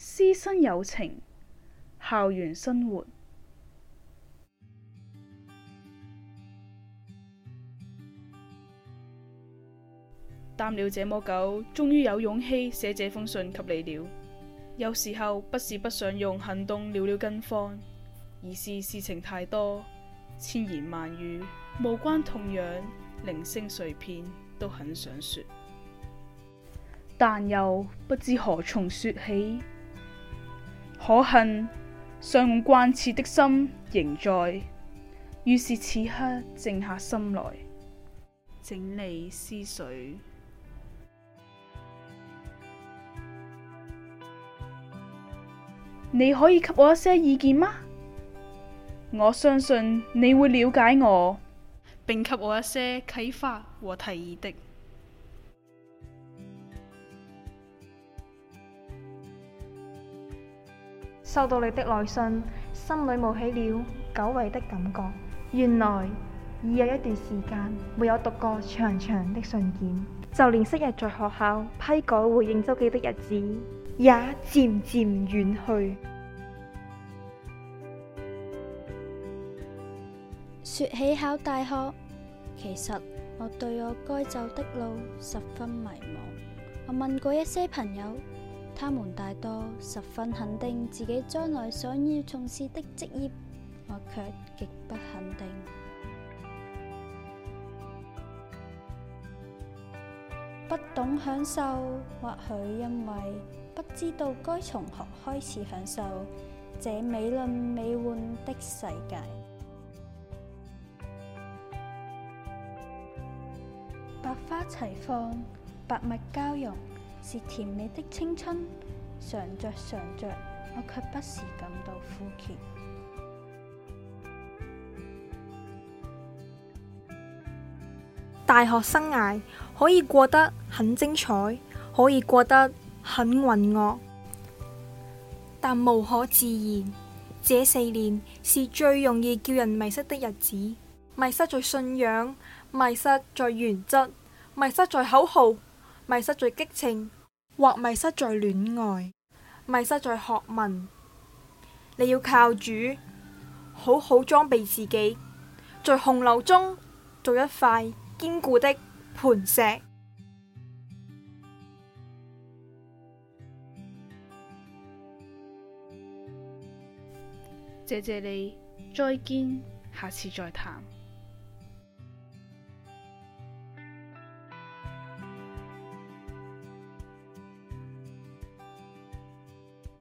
師生有情，校園生活。擔了這麼久，終於有勇氣寫這封信給你了。有時候不是不想用行動了了心方，而是事情太多，千言萬語無關痛癢，零星碎片都很想說，但又不知何從說起。可恨尚用關切的心仍在，於是此刻靜下心來，整理思緒。你可以給我一些意見嗎？我相信你會了解我，並給我一些啟發和提議的。收到你的來信，心裏冒起了久違的感覺。原來已有一段時間沒有讀過長長的信件，就連昔日在學校批改回應周記的日子也漸漸遠去。說起考大學，其實我對我該走的路十分迷茫。我問過一些朋友。他們大多十分肯定自己將來想要從事的職業，我卻極不肯定。 不懂享受，或許因為不知道該從何開始享受這美輪美奐的世界。百花齊放，百物交融。是甜美的青春，嘗着嘗着，我卻不時感到苦澀。大學生涯可以過得很精彩，可以過得很渾噩，但無可置疑，這四年是最容易叫人迷失的日子：迷失在信仰，迷失在原則，迷失在口號，迷失在激情。或迷失在戀愛，迷失在學問。你要靠主，好好裝備自己，在洪流中做一塊堅固的磐石。謝謝你，再見，下次再談。